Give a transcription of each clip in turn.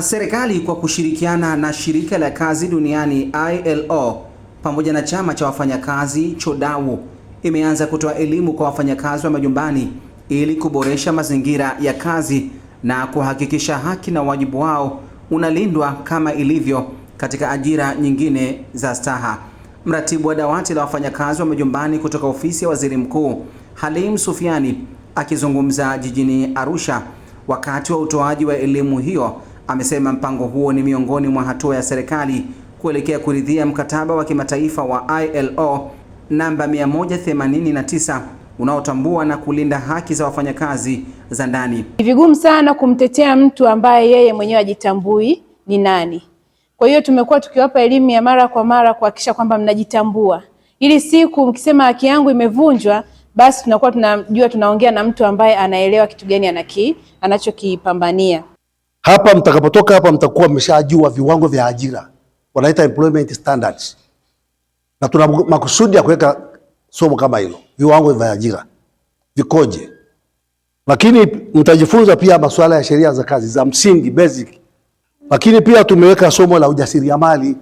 Serikali kwa kushirikiana na shirika la kazi duniani ILO pamoja na chama cha wafanyakazi Chodawu imeanza kutoa elimu kwa wafanyakazi wa majumbani ili kuboresha mazingira ya kazi na kuhakikisha haki na wajibu wao unalindwa kama ilivyo katika ajira nyingine za staha. Mratibu wa dawati la wafanyakazi wa majumbani kutoka ofisi ya Waziri Mkuu, Halim Sufiani, akizungumza jijini Arusha wakati wa utoaji wa elimu hiyo amesema mpango huo ni miongoni mwa hatua ya serikali kuelekea kuridhia mkataba wa kimataifa wa ILO namba 189 unaotambua na kulinda haki za wafanyakazi za ndani. Ni vigumu sana kumtetea mtu ambaye yeye mwenyewe ajitambui ni nani. Kwa hiyo tumekuwa tukiwapa elimu ya mara kwa mara kuhakikisha kwamba mnajitambua, ili siku mkisema haki yangu imevunjwa, basi tunakuwa tunajua tunaongea na mtu ambaye anaelewa kitu gani anaki anachokipambania. Hapa mtakapotoka hapa mtakuwa mmeshajua viwango vya ajira, wanaita employment standards, na tuna makusudi ya kuweka somo kama hilo, viwango vya ajira vikoje. Lakini mtajifunza pia masuala ya sheria za kazi za msingi basic. Lakini pia tumeweka somo la ujasiriamali.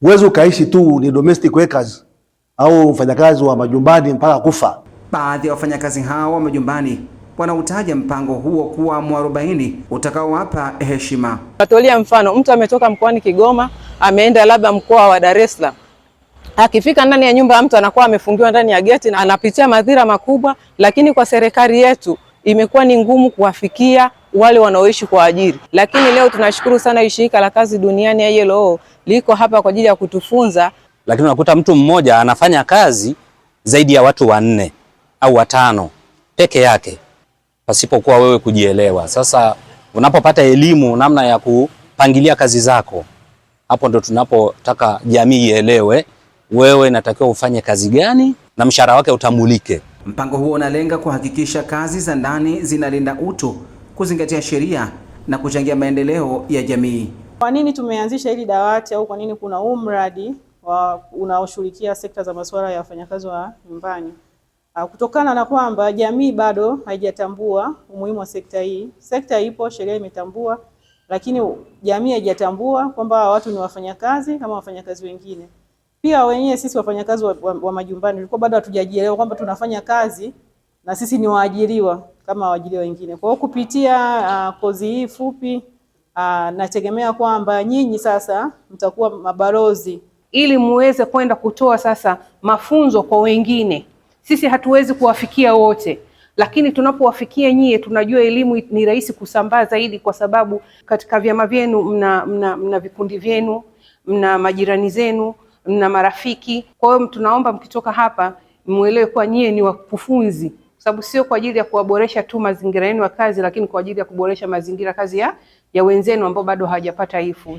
Huwezi ukaishi tu ni domestic workers au mfanyakazi wa majumbani mpaka kufa. Baadhi ya wafanyakazi hao wa majumbani wanautaja mpango huo kuwa mwarobaini utakaowapa heshima. Natolia mfano, mtu ametoka mkoani Kigoma ameenda labda mkoa wa Dar es Salaam akifika ndani ya nyumba ya mtu anakuwa amefungiwa ndani ya geti na anapitia madhira makubwa, lakini kwa serikali yetu imekuwa ni ngumu kuwafikia wale wanaoishi kwa ajiri. Lakini leo tunashukuru sana shirika la kazi duniani ILO liko hapa kwa ajili ya kutufunza. Lakini unakuta mtu mmoja anafanya kazi zaidi ya watu wanne au watano peke yake pasipokuwa wewe kujielewa. Sasa unapopata elimu namna ya kupangilia kazi zako, hapo ndo tunapotaka jamii ielewe wewe natakiwa ufanye kazi gani na mshahara wake utambulike. Mpango huo unalenga kuhakikisha kazi za ndani zinalinda utu, kuzingatia sheria na kuchangia maendeleo ya jamii. Kwa nini tumeanzisha hili dawati au kwa nini kuna huu mradi unaoshughulikia sekta za masuala ya wafanyakazi wa nyumbani? Ah, kutokana na kwamba jamii bado haijatambua umuhimu wa sekta hii. Sekta ipo, sheria imetambua, lakini jamii haijatambua kwamba watu ni wafanyakazi kama wafanyakazi wengine. Pia wenyewe sisi wafanyakazi wa, wa, wa majumbani tulikuwa bado hatujajielewa kwamba tunafanya kazi na sisi ni waajiriwa kama waajiriwa wengine. Kwa hiyo kupitia uh, kozi hii fupi uh, nategemea kwamba nyinyi sasa mtakuwa mabalozi ili muweze kwenda kutoa sasa mafunzo kwa wengine. Sisi hatuwezi kuwafikia wote, lakini tunapowafikia nyie, tunajua elimu ni rahisi kusambaa zaidi, kwa sababu katika vyama vyenu mna, mna, mna vikundi vyenu, mna majirani zenu, mna marafiki. Kwa hiyo tunaomba mkitoka hapa mwelewe kuwa nyie ni wakufunzi kwa sababu sio kwa ajili ya kuwaboresha tu mazingira yenu ya kazi, lakini kwa ajili ya kuboresha mazingira kazi ya, ya wenzenu ambao bado hawajapata hii fursa.